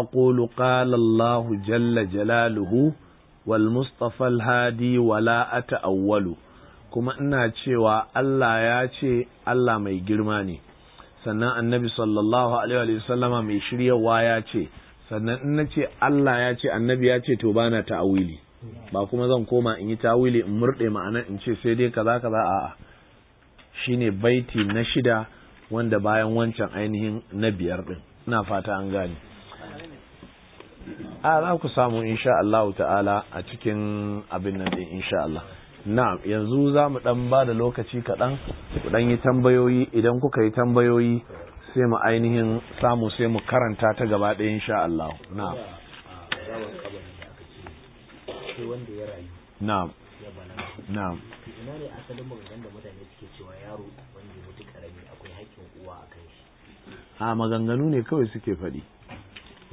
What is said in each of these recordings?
أقول قال الله جل جلاله والمصطفى الهادي ولا أتأول كما إنا تشيوى ألا ياتي sannan annabi sallallahu alaihi wa sallama mai shiryarwa ya ce sannan in na ce Allah ya ce annabi ya ce to bana ta'awili ba kuma zan koma in yi ta'awili in murɗe ma'ana in ce sai dai kaza kaza a'a shine baiti na shida wanda bayan wancan ainihin na biyar ɗin ina fata an gane a za ku samu insha Allah ta'ala a cikin abin nan din insha Allah na yanzu za mu dan ba da lokaci kaɗan ku dan yi tambayoyi idan kuka yi tambayoyi sai mu ainihin samu sai mu karanta ta gaba ɗaya insha Allah na na'am na'am ina ne asalin maganganun da mutane suke cewa yaro wanda ya mutu karami akwai haƙƙin uwa a shi a maganganu ne kawai suke faɗi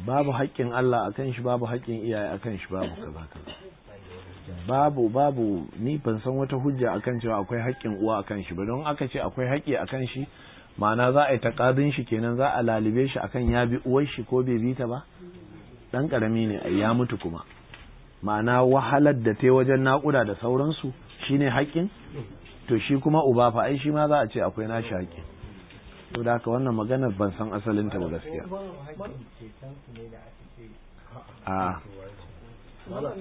babu haƙƙin Allah akan shi babu haƙƙin iyaye akan shi babu kaza kaza babu babu ni ban san wata hujja akan cewa akwai haƙƙin uwa akan shi ba don aka ce akwai haƙƙi akan shi ma'ana za a yi taƙadin shi kenan za a lalibe shi akan ya bi uwar shi ko bai bi ta ba dan karami ne ya mutu kuma ma'ana wahalar da ta wajen naƙuda da sauransu shine haƙƙin to shi kuma uba fa ai shi ma za a ce akwai nashi haƙƙin to haka wannan maganar ban san asalin ta ba gaskiya ah. a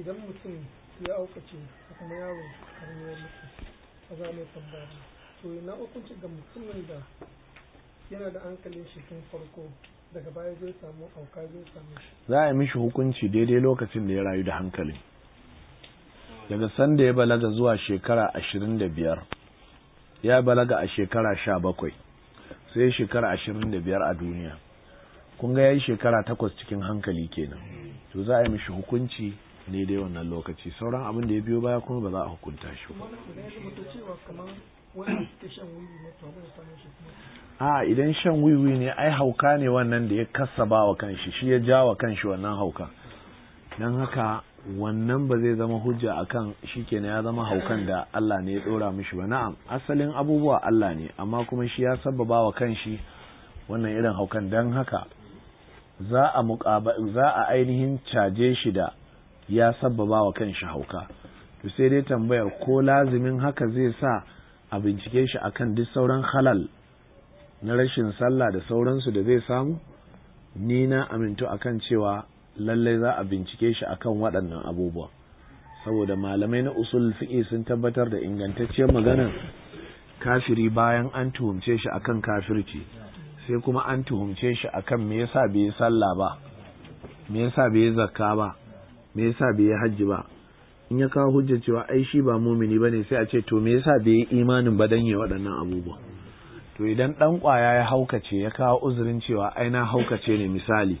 idan mutum ya aukace kuma yaro karnuwar mutum a za mai tambaya to na hukunci ga mutumin da yana da hankalin shi tun farko daga baya zai samu auka zai samu za a yi mishi hukunci daidai lokacin da ya rayu da hankalin daga sanda ya balaga zuwa shekara ashirin da biyar ya balaga a shekara sha bakwai sai shekara ashirin da biyar a duniya kun ga ya shekara takwas cikin hankali kenan to za a yi mishi hukunci ne dai wannan lokaci sauran abin da ya biyo baya kuma ba za a hukunta shi ba a idan shan wiwi ne ai hauka ne wannan da ya kasa ba wa kanshi shi ya ja wa kanshi wannan hauka don haka wannan ba zai zama hujja akan na ya zama haukan da Allah ne ya dora mishi ba na'am asalin abubuwa Allah ne amma kuma shi ya sababa wa kanshi wannan irin haukan dan haka za a ainihin caje shi da ya sababa wa kanshi hauka to sai dai tambayar ko lazimin haka zai sa a bincike shi akan duk sauran halal na rashin sallah da sauransu da zai samu nina amintu akan cewa lallai za a bincike shi akan waɗannan abubuwa saboda malamai na usul fi'i sun tabbatar da ingantacciyar maganar kafiri bayan an tuhumce shi akan kafirci sai kuma an tuhumce shi akan me yasa bai sallah ba me yasa bai zakka ba me yasa bai hajji ba in ya kawo hujja cewa ai shi ba mumini bane sai a ce to me yasa bai yi imanin ba dan ya waɗannan abubuwa to idan dan kwaya ya haukace ya kawo uzurin cewa ai na haukace ne misali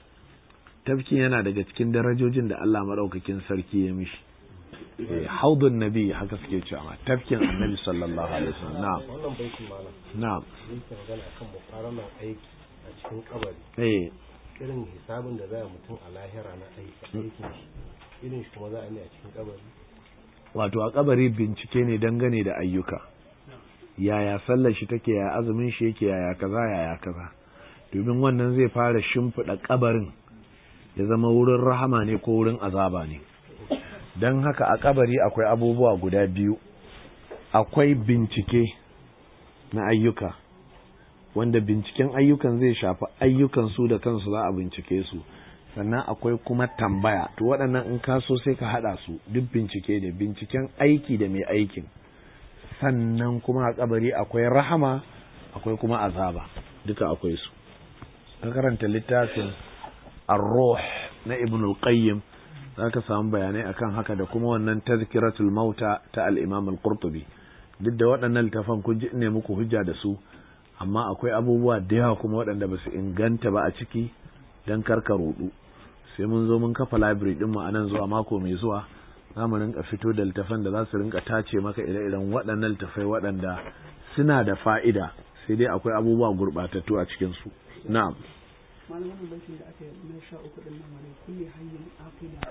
tafkin yana daga cikin darajojin da Allah maɗaukakin sarki ya mishi eh, haudun nabi haka suke cewa ma tafkin annabi sallallahu alaihi wasallam na'am wannan baiti malam na'am yake magana akan mukarama aiki a cikin kabari eh irin hisabin da za a mutum a lahira na aiki irin shi kuma za a yi a cikin kabari wato a kabari bincike ne dangane da ayyuka yaya sallar shi take yaya azumin shi yake yaya kaza yaya kaza domin wannan zai fara shimfiɗa kabarin ya zama wurin rahama ne ko wurin azaba ne don haka a kabari akwai abubuwa guda biyu akwai bincike na ayyuka wanda binciken ayyukan zai shafi ayyukan su da kansu za a bincike su sannan akwai kuma tambaya to waɗannan in ka sosai sai ka haɗa su duk bincike da binciken aiki da mai aikin sannan kuma a kabari akwai rahama akwai kuma azaba duka akwai su ka karanta littafin الروح na ibn al-qayyim zaka samu bayanai akan haka da kuma wannan tazkiratul mauta ta al-imam al-qurtubi duk da waɗannan littafan kun ji ne muku hujja da su amma akwai abubuwa da yawa kuma waɗanda ba su inganta ba a ciki dan karka rudu sai mun zo mun kafa library din mu a nan zuwa mako mai zuwa za mu rinka fito da littafan da za su rinka tace maka ire-iren waɗannan littafai waɗanda suna da fa'ida sai dai akwai abubuwa gurɓatattu a cikinsu na'am malamin baitin da aka yi na sha uku din nan wani kulli hayyin aqila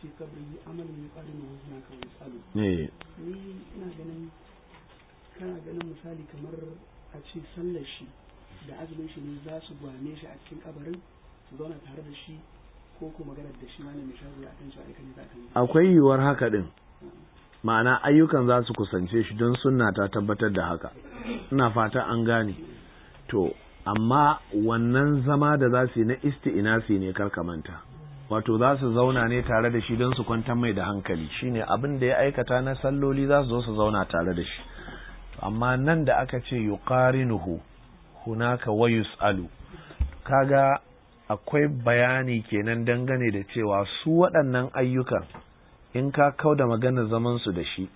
fi qabri amalin yuqalu min wajna ka misalu eh ni ina ganin kana ganin misali kamar a ce sallar shi da azumin shi ne za su gwane shi a cikin kabarin su zauna tare da shi ko ko magana da shi malamin shafi a kan shi a kan za ka akwai yiwuwar haka din ma'ana ayyukan za su kusance shi don sunna ta tabbatar da haka ina fata an gane to amma wannan zama da za su yi na isti'inasi ne karka manta wato za su zauna ne tare da shi don su kwantar mai da hankali shi ne abin da ya aikata na salloli za su zo su zauna tare da shi amma nan da aka ce yuqarinuhu hunaka wayus alu kaga akwai bayani kenan dangane da cewa su waɗannan ayyukan in ka kau da maganar zaman su da shi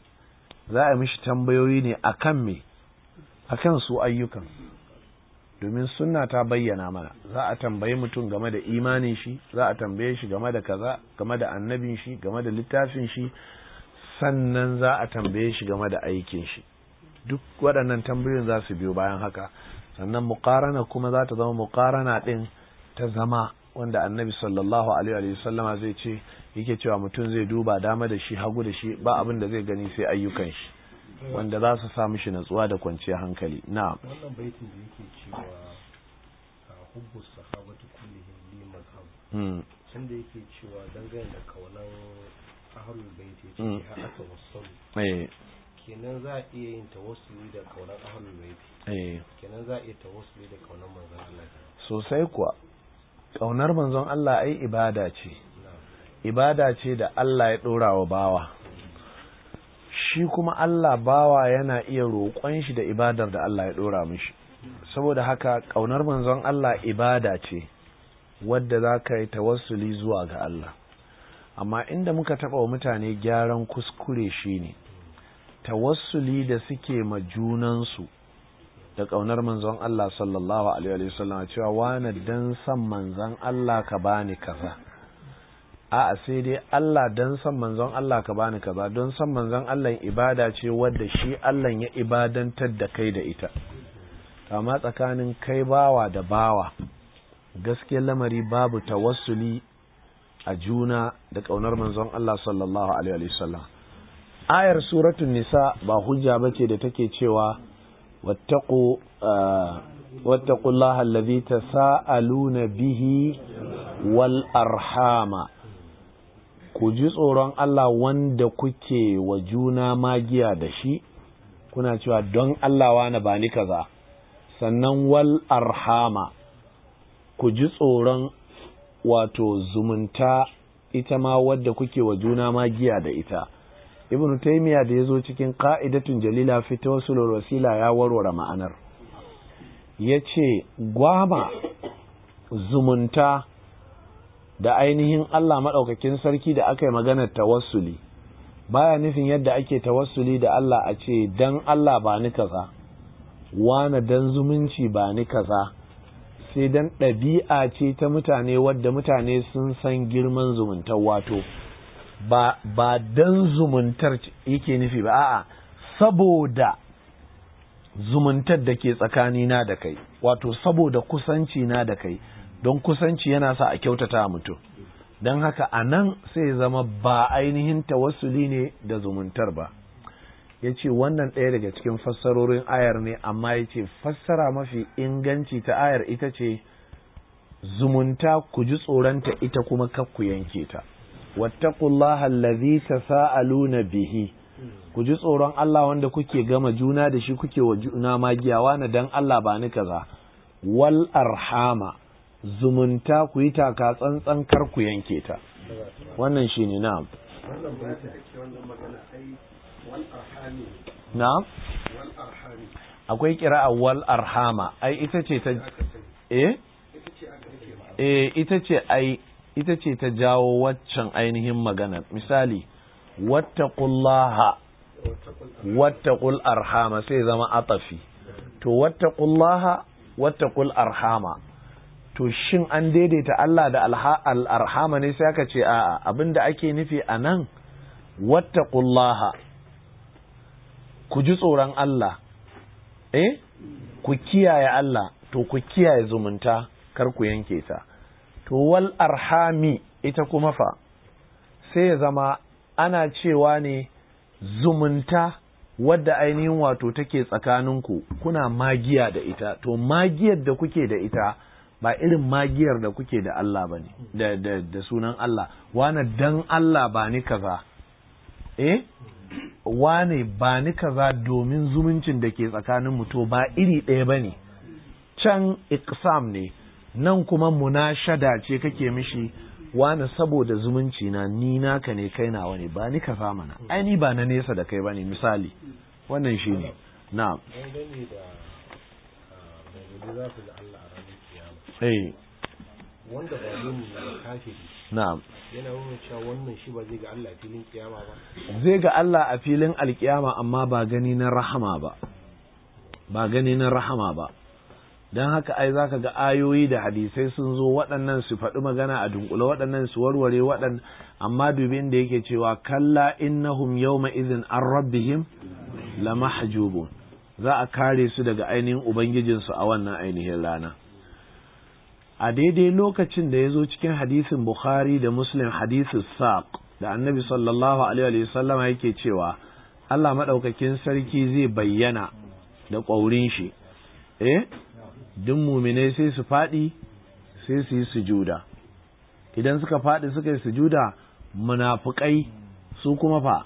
za a mishi tambayoyi ne akan me akan su ayyukan domin sunna ta bayyana mana za a tambayi mutum game da imanin shi za a tambaye shi game da kaza game da annabin shi game da littafin shi sannan za a tambaye shi game da aikin shi duk waɗannan tambayoyin za su biyo bayan haka sannan muqarana kuma za ta zama muqarana ɗin ta zama wanda annabi sallallahu alaihi wa sallama zai ce yake cewa mutum zai duba dama da shi hagu da shi ba abin da zai gani sai ayyukan shi wanda za su sa mishi natsuwa da kwanciyar hankali na wannan baitin da yake cewa hubbu sahabatu kullihim li mazhab hmm. can da yake cewa dangane da kaunan ahlul bait yace ha hmm. aka wasalu eh kenan za a iya yin tawassuli da kaunan ahlul bait eh kenan za a iya tawassuli da kaunan manzon Allah sosai kuwa kaunar manzon Allah ai ibada ce ibada ce da Allah ya dora wa bawa shi kuma Allah bawa yana iya roƙon shi da ibadar da Allah ya ɗora mishi saboda haka ƙaunar manzon Allah ibada ce wadda za ka yi tawassuli zuwa ga Allah amma inda muka taɓa wa mutane gyaran kuskure shi ne tawassuli da suke ma junansu da ƙaunar manzon Allah sallallahu alaihi wasallam cewa wani dan san manzon Allah ka bani kaza a'a sai dai Allah don san manzon Allah ka bani kaza don san manzon Allah ibada ce wadda shi Allah ya ibadantar da kai da ita amma tsakanin kai bawa da bawa gaskiyar lamari babu tawassuli a juna da ƙaunar manzon Allah sallallahu alaihi wasallam ayar suratul nisa ba hujja bace da take cewa wattaqu uh, wattaqullaha allazi tasaaluna bihi wal arhama ku ji tsoron Allah wanda kuke wa juna magiya da shi kuna cewa don Allah wani ba ni kaza sannan wal arhama ku ji tsoron wato zumunta ita ma wadda kuke wa juna magiya da ita ibn taymiya da ya zo cikin ka'idatun jalila fi tawassulul wasila ya warware ma'anar yace gwama zumunta da ainihin Allah maɗaukakin sarki da aka yi maganar tawassuli baya nufin yadda ake tawassuli da Allah a ce dan Allah ba ni kaza wani dan zumunci ba ni kaza sai dan ɗabi'a ce ta mutane wadda mutane sun san girman zumuntar wato ba ba dan zumuntar yake nufi ba a'a saboda zumuntar da ke na da kai wato saboda kusanci na da kai don kusanci yana sa a kyautata mutum don haka a nan sai zama ba ainihin tawassuli ne da zumuntar ba ya ce wannan ɗaya daga cikin fassarorin ayar ne amma ya ce fassara mafi inganci ta ayar ita ce zumunta ku ji tsoronta ita kuma kar ku yanke ta wattaqullaha allazi tasaaluna bihi ku ji tsoron Allah wanda kuke gama juna da shi kuke wa juna magiyawa na dan Allah ba ni kaza wal arhama zumunta ku yi taka tsantsan kar ku yanke ta wannan shi ne na'am na'am akwai a wal arhama ai ita ce ta eh eh ita ce ai ita ce ta jawo waccan ainihin magana misali wattaqullaha wattaqul arhama sai zama atafi to wattaqullaha wattaqul arhama to shin an daidaita Allah da al'arhama ne sai aka ce a'a abinda ake nufi a nan Wata kullaha. ku ji tsoron Allah eh ku kiyaye Allah to ku kiyaye zumunta kar ku yanke ta to wal arhami ita kuma fa sai ya zama ana cewa ne zumunta wadda ainihin wato take tsakaninku kuna magiya da ita to magiyar da kuke da ita ba irin magiyar da kuke da Allah ba ne da sunan Allah wane dan Allah ba ni kaza eh wane ba ni kaza domin zumuncin da ke tsakanin mutu ba iri ɗaya ba ne can iksam ne nan kuma munashada ce kake mishi wane saboda zumunci na ni naka ne kai nawa ne ba ni kaza mana ai ni ba na nesa da kai ba ne misali wannan shi ne na Eh. yana cewa shi ba zai ga Allah a filin kiyama ba zai ga Allah a filin alkiyama amma ba gani na rahama ba ba gani na rahama ba don haka ai zaka ga ayoyi da hadisai sun zo waɗannan su faɗi magana a dunkule waɗannan su warware waɗannan amma dubin da yake cewa kalla innahum yawma idhin an rabbihim lamahjubun za a kare su daga ainihin ubangijinsu a wannan ainihin rana a daidai lokacin da ya zo cikin hadisin bukhari da muslim hadisin saq da annabi sallallahu alaihi wasallama yake cewa Allah maɗaukakin sarki zai bayyana da ƙwaurin shi eh duk muminai sai su faɗi sai su yi sujuda idan suka faɗi suka yi sujuda munafukai su kuma fa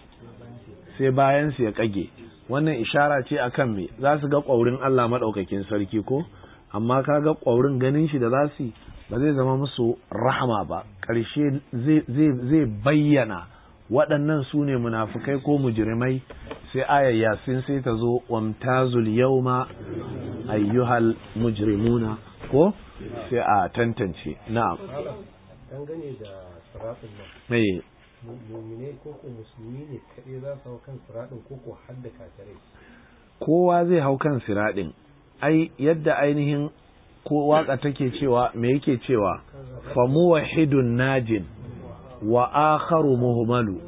sai bayan su ya ƙage wannan ishara ce akan me za su ga ƙwaurin Allah maɗaukakin sarki ko amma kaga ƙwaurin ganin shi da za su ba zai zama musu rahama ba ƙarshe zai bayyana waɗannan su ne munafukai ko mujrimai sai ayar yasin sai ta zo wamtazul yauma ayyuhal mujrimuna ko sai a tantance na'am dangane da siratun nan muminai ko ko musulmi ne kaɗai za su hau kan siraɗin ko ko hadda kafirai kowa zai hau kan siraɗin ai yadda ainihin ko waka take cewa me yake cewa fa muwahidun najin wa akharu muhmalu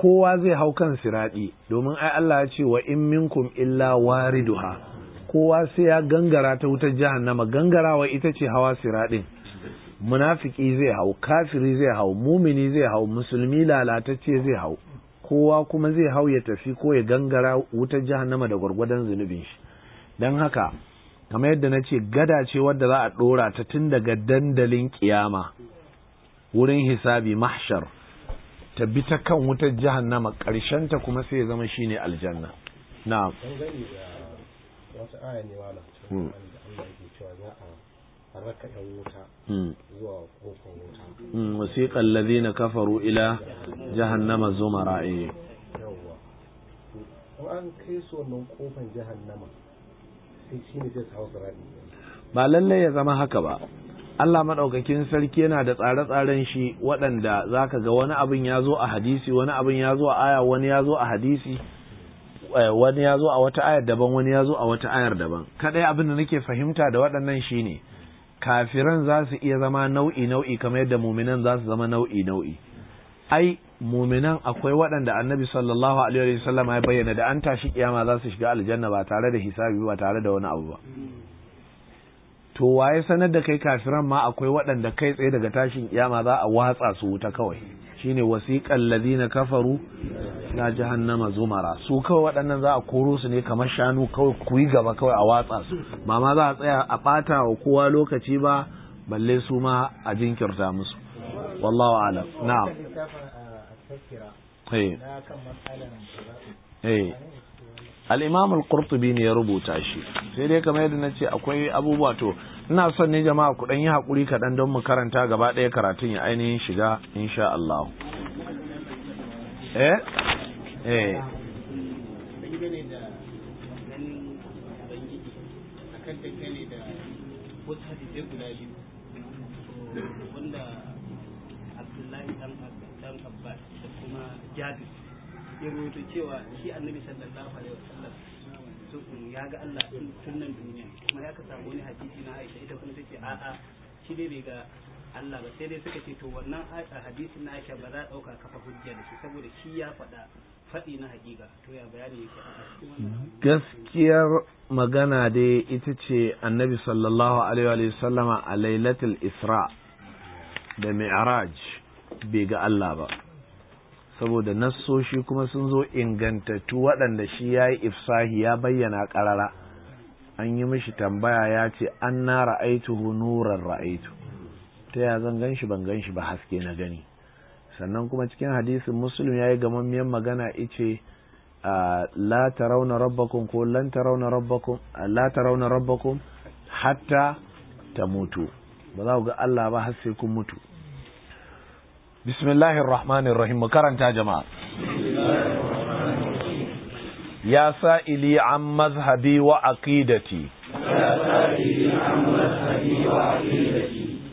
kowa zai hau kan siradi domin ai Allah ya ce wa in minkum illa wariduha kowa sai ya gangara ta wutar jahannama gangarawa ita ce hawa siradin munafiki zai hau kafiri zai hau mumini zai hau musulmi lalatacce zai hau kowa kuma zai hau ya tafi ko ya gangara wutar jahannama da gwargwadon zunubin shi don haka kamar yadda na ce gada ce wadda za a ɗora ta tun daga dandalin kiyama wurin hisabi mahshar ta bi ta kan wutar jahannama ta kuma sai ya zama shine aljanna na uh, wasu aya ne wala cikin hmm. Allah yake cewa za hmm. hmm, kafaru ila jahannama zuma ra'ayi. an kai su wannan kofar jahannama ba lallai ya zama haka ba Allah maɗaukakin sarki yana da tsare-tsaren shi waɗanda za ka ga wani abin ya zo a hadisi wani abin ya zo a aya wani ya zo a hadisi eh, wani ya zo a wata ayar daban wani ya zo a wata ayar daban kadai abin da nake fahimta da waɗannan shine kafiran za su iya zama nau'i nau'i kamar yadda muminan za su zama nau'i nau'i ai muminan akwai waɗanda annabi sallallahu alaihi wa sallam ya bayyana da an tashi kiyama za su shiga aljanna ba tare da hisabi ba tare da wani abu ba to waye sanar da kai kafiran ma akwai waɗanda kai tsaye daga tashin kiyama za a watsa su wuta kawai shine wasiqal ladina kafaru na jahannama zumara su kawai waɗannan za a koro su ne kamar shanu kawai ku yi gaba kawai a watsa su ba ma za a tsaya a ɓata wa kowa lokaci ba balle su ma a jinkirta musu wallahu alam na'am Eh. Eh. al'imam al-qurtubi ne ya rubuta shi sai dai kamar yadda na ce akwai abubuwa to ina son ne jama'a ku yi haƙuri kaɗan don mu karanta gaba ɗaya karatun ya ainihin shiga insha Allah eh eh Abdullahi dan abbas da kuma jabir ya rubuta cewa shi annabi sallallahu alaihi wasallam tukun um, ya ga Allah tun nan duniya kuma ya ka samu wani hadisi na Aisha ita kuma take a a shi dai bai ga Allah ba sai dai suka ce to wannan hadisin na Aisha ba za a dauka kafa hujja da shi saboda shi ya faɗa faɗi na hakika to ya bayani yake a gaskiyar magana dai ita ce annabi sallallahu alaihi wa sallama a lailatul isra da mi'raj bai ga Allah ba saboda nassoshi kuma sun zo ingantattu waɗanda shi ya yi ifsahi ya bayyana ƙarara an yi mishi tambaya ya ce an na ra'aituhu nuran ra'aitu ta ya zan gan shi ban gan shi ba haske na gani sannan kuma cikin hadisin musulun ya yi gamammiyar magana ice la tarawna rabbakun ko lan tarawna hatta ba za ku ga Allah ba har sai kun mutu بسم الله الرحمن الرحيم karanta jama'a ya يا سائلي عن مذهبي وعقيدتي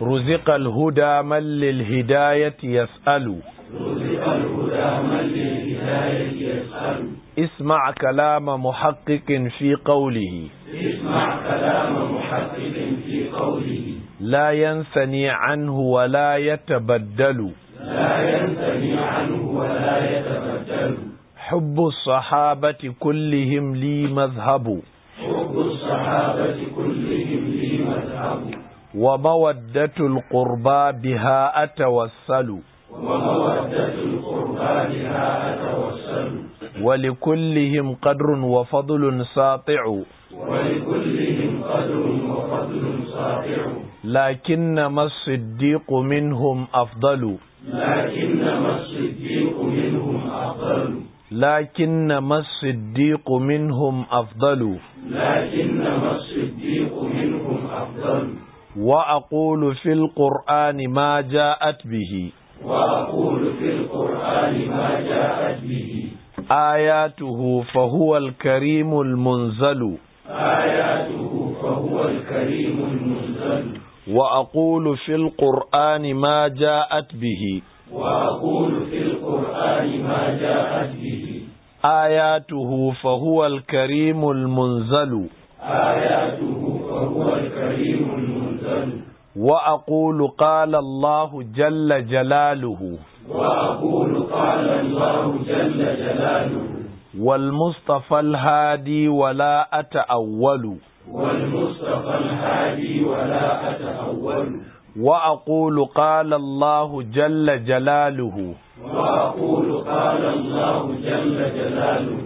رزق الهدى من للهداية يسأل رزق الهدى من للهداية يسأل اسمع كلام محقق في قوله اسمع كلام محقق في قوله لا ينثني عنه ولا يتبدل لا ينتهي عنه ولا يتبدل حب الصحابة كلهم لي مذهب حب الصحابة كلهم لي مذهب ومودة القربى بها أتوسل ومودة القربى بها أتوسل ولكلهم قدر وفضل ساطع ولكلهم قدر وفضل ساطع لكنما الصديق منهم أفضل لكن ما الصديق منهم أفضل لكن ما الصديق منهم أفضل وأقول في القرآن ما جاءت به وأقول في القرآن ما جاءت به آياته فهو الكريم المنزل آياته فهو الكريم المنزل وأقول في القرآن ما جاءت به وأقول في القرآن ما جاءت به آياته فهو الكريم المنزل آياته فهو الكريم المنزل وأقول قال الله جل جلاله وأقول قال الله جل جلاله والمصطفى الهادي ولا أتأول والمصطفى الهادي ولا أتأول وأقول قال الله جل جلاله وأقول قال الله جل جلاله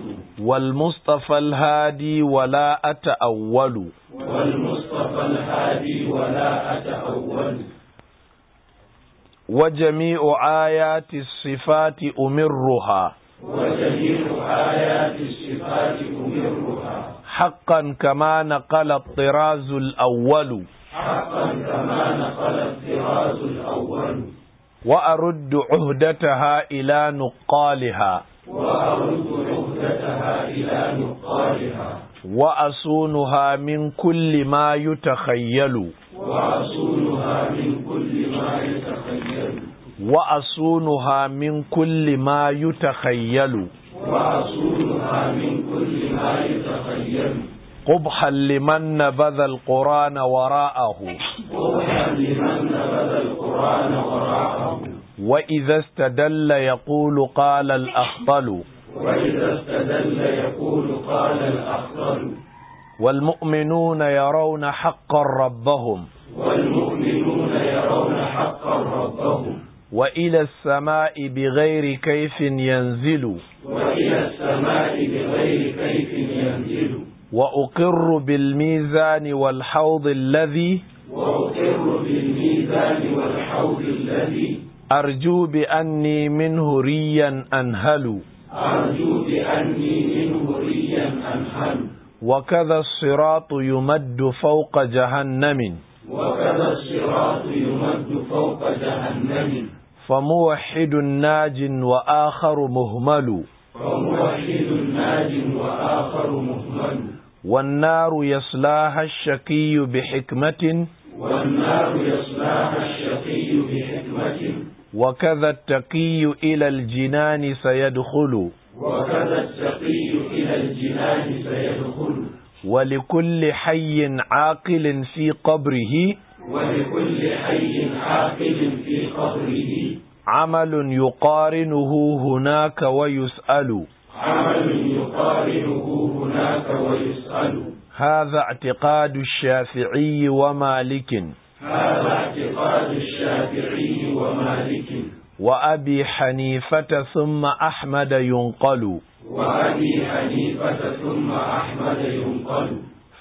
والمصطفى الهادي ولا أتأول والمصطفى الهادي ولا أتأول وجميع آيات الصفات أمرها وجميع آيات الصفات أمرها حقا كما نقل الطراز الأول حقا كما نقل الطراز الأول وأرد عهدتها إلى نقالها وأرد عهدتها إلى نقالها وأصونها من كل ما يتخيل وأصونها من كل ما يتخيل وأصونها من كل ما يتخيل ورسولها من كل ما يتخيل قبحا لمن نبذ القرآن وراءه قبحا لمن نبذ القرآن وراءه وإذا استدل يقول قال الأخطل وإذا استدل يقول قال الأخطل والمؤمنون يرون حقا ربهم والمؤمنون يرون حقا ربهم وإلى السماء بغير كيف ينزل وإلى السماء بغير كيف ينزل وأقر بالميزان والحوض الذي وأقر بالميزان والحوض الذي أرجو بأني منه ريا أنهل أرجو بأني منه ريا أنهل وكذا الصراط يمد فوق جهنم وكذا الصراط يمد فوق جهنم فموحد ناج وآخر مهمل فموحد ناج وآخر مهمل والنار يصلاها الشقي بحكمة والنار يصلاها الشقي بحكمة وكذا التقي إلى الجنان سيدخل وكذا التقي إلى الجنان سيدخل ولكل حي عاقل في قبره ولكل حي عاقل في قبره عمل يقارنه هناك ويسأل عمل يقارنه هناك ويسأل هذا اعتقاد الشافعي ومالك هذا اعتقاد الشافعي ومالك وأبي حنيفة ثم أحمد ينقل وأبي حنيفة ثم أحمد ينقل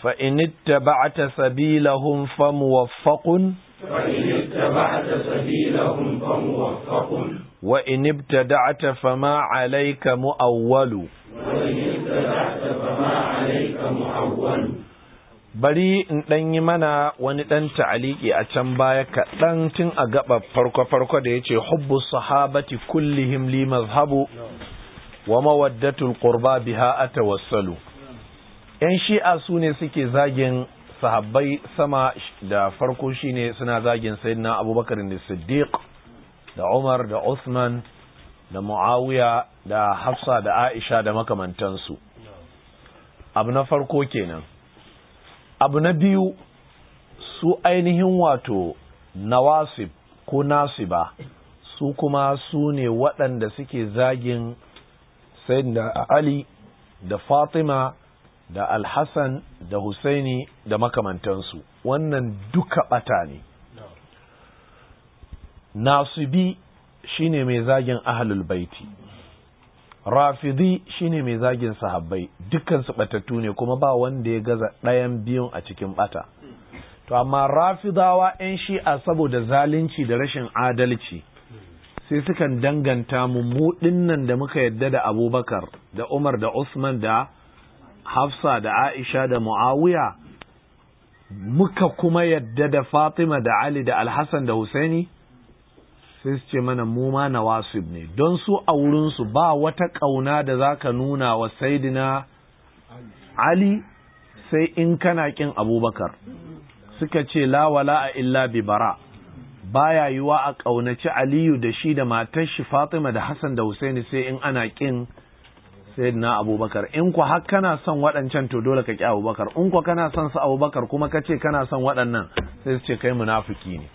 فإن اتبعت سبيلهم فموفق فإن اتبعت سبيلهم فموفق وإن ابتدعت فما عليك مؤول وإن ابتدعت فما عليك مؤول bari in ɗan yi mana wani ɗan ta'aliki a can baya kaɗan tun a gaba farko-farko da ya ce hubbu sahabati kullihim li mazhabu wa mawaddatul qurba biha atawassalu yan shi'a su ne suke zagin sahabbai sama da farko shine suna zagin sayyidina abubakar da siddiq da umar da usman da muawiya da hafsa da aisha da makamantansu abu na farko kenan abu na biyu su ainihin wato nawasib ko nasiba su kuma su ne waɗanda suke zagin sayyidina ali da fatima da alhassan da husaini da makamantansu wannan duka bata ne nasibi shine mai zagin ahlul baiti rafidi shine mai zagin sahabbai dukansu batattu ne kuma ba wanda ya gaza ɗayan biyun a cikin bata to amma rafidawa 'yan shi'a saboda zalunci da rashin adalci sai sukan danganta mu mu dinnan da muka yadda da abubakar da umar da usman da hafsa da aisha da muawiya muka kuma yadda da fatima da ali da alhassan da husaini sai su ce mana mu ma na wasib ne don su a su ba wata ƙauna da za ka nuna wa saidina ali sai in kana ƙin abubakar suka ce la wala a illa bi bara baya yiwa a ƙaunaci aliyu da shi da matar shi fatima da hassan da husaini sai in ana ƙin sayyidina abubakar in ku har kana son waɗancan to dole ka ƙi abubakar in ku kana son su abubakar kuma kace kana son waɗannan sai su ce kai munafiki ne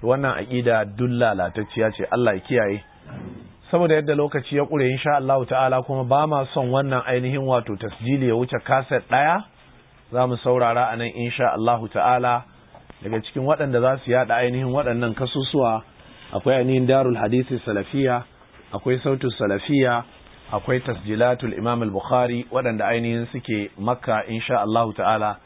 to wannan aƙida duk lalatacciya ce Allah ya kiyaye saboda yadda lokaci ya ƙure insha Allah ta'ala kuma ba ma son wannan ainihin wato tasjili ya wuce kaset ɗaya za mu saurara a nan insha Allah ta'ala daga cikin waɗanda za su yaɗa ainihin waɗannan kasusuwa akwai ainihin darul hadisi salafiya akwai sautu salafiya akwai tasjilatul imam al-bukhari waɗanda ainihin suke makka insha Allah ta'ala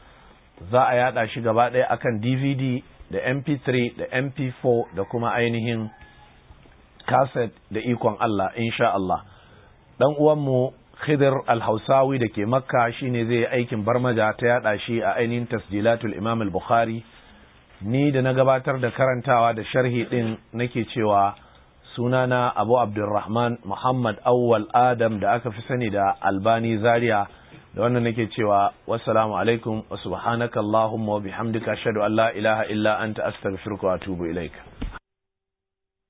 za a yaɗa shi gaba ɗaya akan dvd da mp3 da mp4 da kuma ainihin kaset da ikon Allah insha Allah dan uwanmu Khidir al-Hausawi da ke Makka shine zai yi aikin barmaja ta yaɗa shi a ainihin tasjilatul Imam al-Bukhari ni da na gabatar da karantawa da sharhi din nake cewa sunana abu abdulrahman muhammad awwal adam da aka fi sani da albani zaria da wannan nake cewa wassalamu alaikum wa subhanaka wa bihamdika ashhadu an la ilaha illa anta astaghfiruka wa atubu ilaika